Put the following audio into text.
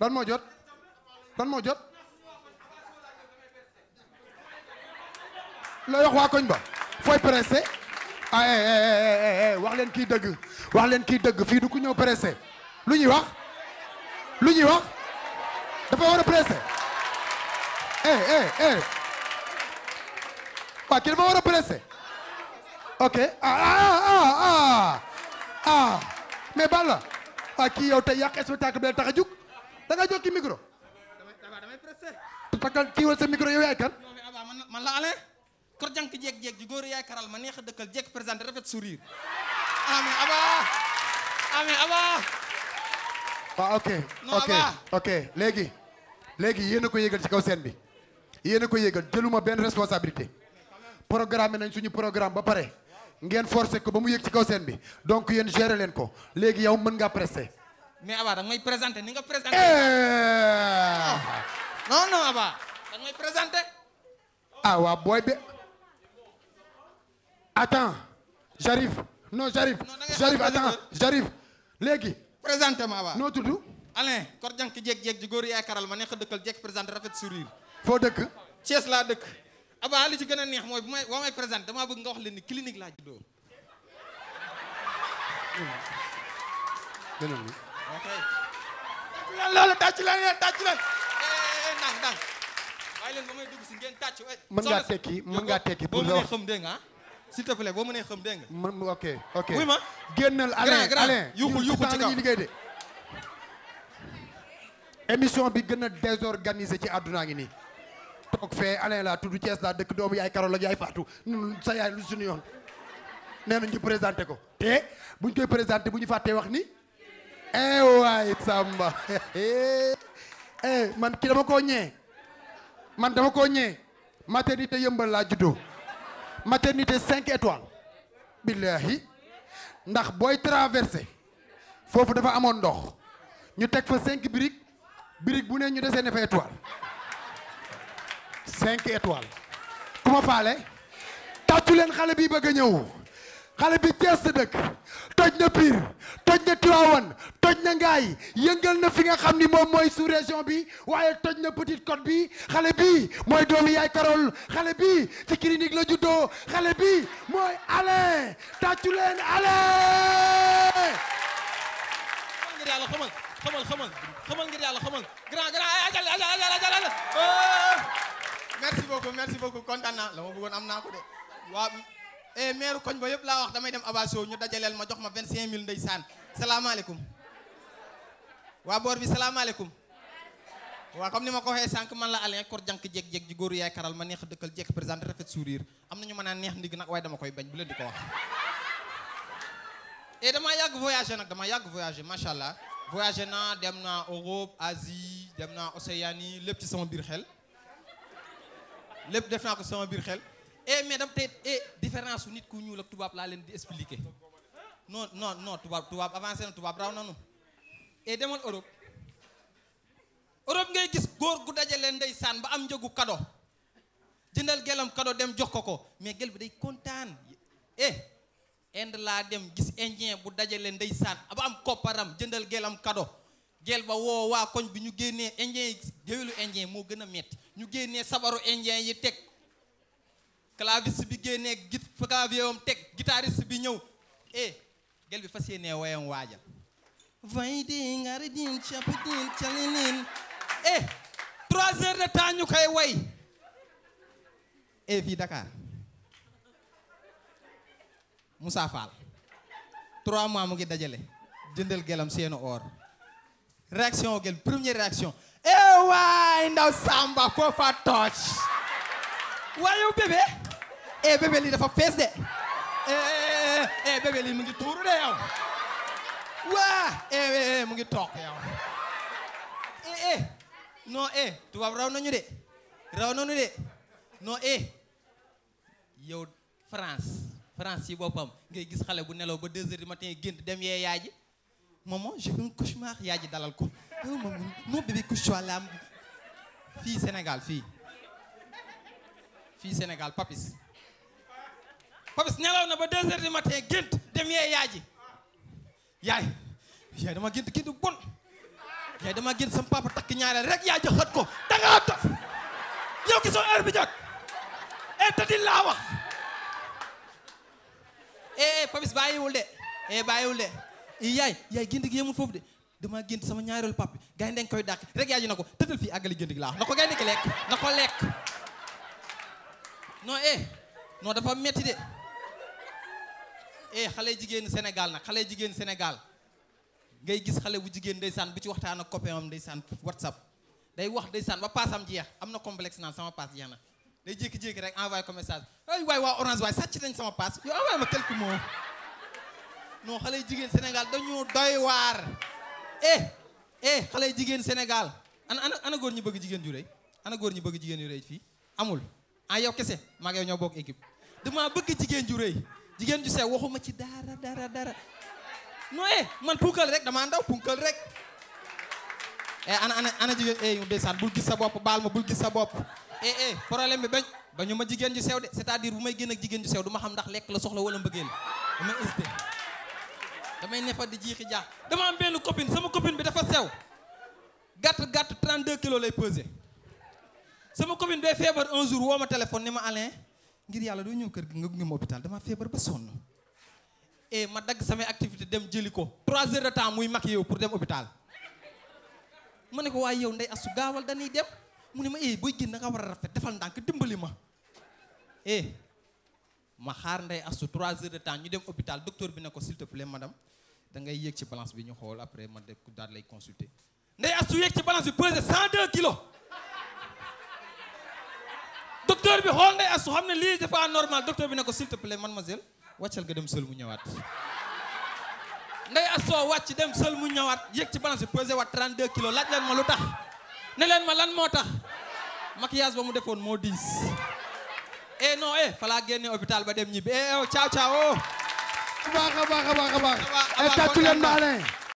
lan moo jot lan moo jot looy wax waa koñ ba fooy pressé ah, eh, eh, eh, wax leen kii dëgg wax leen kii dëgg fii du ku ñëw pressé lu ñuy wax lu ñuy wax dafa war a pressé waa kii dafa war a pressé ok ah ah, ah ah ah mais Balla waa kii yow tey yàq spectacle bi la tax a jug. da nga jóg ci micro. takkal kiiwal sa micro yow yaay kan. man la ale kor jànk jéeg-jéeg ji góor yaay karal ma neex a dëkkal jéeg présenté rafet sourire. amiin aba amiin aba. waaw ah, ok ok léegi. léegi yéen a ko ci kaw seen bi. yéen a ko yégal jëluma benn responsabilité. programme nañ suñu programme ba pare. ngeen forcé ko ba mu yéeg ci kaw seen bi donc yéen gérer leen ko léegi yow mën ngaa prester. mais Abba da may présenté ni nga présenté. Eh! non non Abba da nga may présenté. ah waa booy bi. attends j'arrive non j'arrive j'arrive attends j'arrive léegi. présenté ma Abba noo tudd. Alain kor jank jeeg jeeg ji góor yaay karal ma neex a dëkkal jeeg présenté rafet sourire. foo dëkk. Thiès laa dëkk. Abba li ci gën a neex mooy bu may boo may présenté damaa bëgg nga wax leen ni clinique laa juddoo. tàccu leen loolu tàccu leen yéen tàccu leen ndànk ndànk waaye leen ba si ngeen tàccu eh, mën ngaa tekki mën ngaa tekki pour boo mënee xam nga ok ok génnal Alain yuuxul yuuxul ci kaw liggéey de émission bi gën a désorganisé ci àdduna ngi nii toog fee Alain laa tudd Thiès laa dëkk doomu yaay Karol ak yaay Fatou ñun sa yaay lu suñu yoon nee nañ ñu présenté ko te buñ koy présenté bu ñu fàttee wax ni eh waay Samba eh man ki dama koo ñee man dama koo ñee maternité yëmbal laa juddoo maternité cinq étoiles billahi ndax booy traversé foofu dafa amoon ndox ñu teg fa cinq briques brique bu ne ñu desee ne fa étoile cinq étoiles ku faale tàccu leen xale bi bëgg a ñëw xale bi Cees la dëkk toj na Pire toj na Tivaouane toj na Ngaye yëngal na fi nga xam ni moom mooy sous région bi waaye toj na Petite Côte bi xale bi mooy doomu yaay Karol xale bi ci clinique la juddoo xale bi mooy Alain tàccu leen Alain. merci beaucoup merci beaucoup kontaan la ma bëggoon am naa ko de e eh, maire koñ ba yëpp laa wax damay dem abaso ñu dajaleel ma jox ma vingt cinq mille ndeysaan salaamaaleykum waa boor bi salaamaaleykum waa comme ni ma ko waxee sànq man la Alain kor jànk jeeg-jeeg ji yaay karal ma neex dëkkal jekk président rafet sourire am nañu man a neex ndig nag waaye dama koy bañ bu leen di ko wax et eh, damaa yàgg voyagé nag dama yàgg voyagé macha allah voyagé naa dem naa Europe Asie dem naa Océanie lépp ci sama biir xel lépp def naa ko biir xel eh mais daf tey eh différence su nit ku ñuul ak tubaab laa leen di expliquer non non non tubaab tubaab avancé na tubaab raw nanu et eh, demal Europe Europe ngay gis góor gu dajalee ndeysaan ba am njëgu kado gelam kado dem jox ko ko mais gel bi day kontaan eh Inde dem gis indien bu dajalee ndeysaan ba am kopparam jëndal gelam kado gel ba woo koñ bi ñu génnee indien yi géwélu indien moo gën a metti ñu génnee sabaru indien yi teg claviste bi génnee git clavier bi ñëw eh gel bi fas yéenee woyam waajal vay di ngari din capi calinin eh trois heures de temps ñu koy woy eh fii Dakar Moussa Fall trois mois mu ngi dajale jëndal gelam seenu or réaction gel première réaction eh waay ndaw Samba foofa tooc waaye bébé e bébé lii dafa fees de e bébé lii mu ngi tuuru de yow waa e mu ngi toog yow e e non tubaab raw nañu de raw nañu de non e yow France France ci boppam ngay gis xale bu nelaw ba deux heures du matin gént dem yee yaay ji maman j'ai un yaay ji dalal ko yow oh, moom bébé couche-toi fii Sénégal fii fii Sénégal papis Papis nelaw na ba deux heures du matin gént dem yee yaay ji yaay yaay dama gént gént bu bon yaay dama gént sama papa takk ñaareel rek yaay ji xët ko da ngaa dof yow gisoo heure bi jot eh, e tëddi laa wax ee eh, eh, Papis bàyyiwul de ee bàyyiwul de yaay yaay gént gi yemul foofu de dama gént sama ñaareelu papi gaynde dañ koy dàq rek yaay ji na ko tëddal fii àggali gént gi laa wax na ko gaynde ki lekk na ko lekk non eh non dafa metti de eh xale jigéen Sénégal nag xale jigéen Sénégal ngay gis xale bu jigéen day ndeysaan bu ci waxtaan ak copain am ndeysaan WhatsApp day wax ndeysaan ba paasam jeex am na complexe naan sama paas jeex na day jékki-jékki rek envoyé ko message ay waay waa orange waay sàcc nañ sama paas yow envoyé ma quelques mots non xale jigéen Sénégal dañu doy waar eh, eh xale jigéen Sénégal ana ana ana góor ñu bëgg jigéen ju rëy ana góor ñu bëgg jigéen ju rëy fii amul ah yow kese maa ngi yow ñoo bokk équipe dama jigéen ju sew waxuma ci dara dara dara non eh man punkal rek damaa ndaw punkal rek e ana ana ana jigéen e yow ndeysaan bul gis sa bopp baal ma bul gis sa bopp eh eh problème bi bañ ba ma jigéen ju sew de c'est-à-dire bu may génn ak jigéen ju sew du ma xam ndax lekk la soxla wala mbëggeel damay hésité damay nefa di jiixi jaax dama am benn copine sama copine bi dafa sew gàtt gàtt 32 kilos lay pesé sama copine bee feebar un jour woo ma téléphone ni ma Alain ngir yàlla doo ñëw kër gi nga gunge ma hôpital dama feebar ba sonn et eh, ma dagg samay activité dem jëli ko trois heures de temps muy mag yow pour dem hôpital ma ne ko waaye yow ndey astu gaawal dañuy dem mu ne ma eh booy génn war a rafet defal ndànk dimbali ma eh, ma xaar ndey asu trois heures de temps ñu dem hôpital docteur bi ne ko s'il te plaît madame da ngay yéeg ci balance bi ñu xool après ma de daal lay consulter ndey asu yéeg ci balance bi pesé docteur bi xool nday asu xam ne lii dafa normal docteur bi ne ko s'il te plaît mademoiselle wàccal nga dem sël mu ñëwaat nday asu wàcc dem sël mu ñëwaat yéeg ci balance bi wa waat 32 kilos laaj leen ma lu tax ne leen ma lan moo tax maquillage ba mu defoon moo diis eh non eh falaa génne hôpital ba dem ñibbi eh oh caaw caaw oh baax a baax a baax a baax eh, tàccu leen maa ne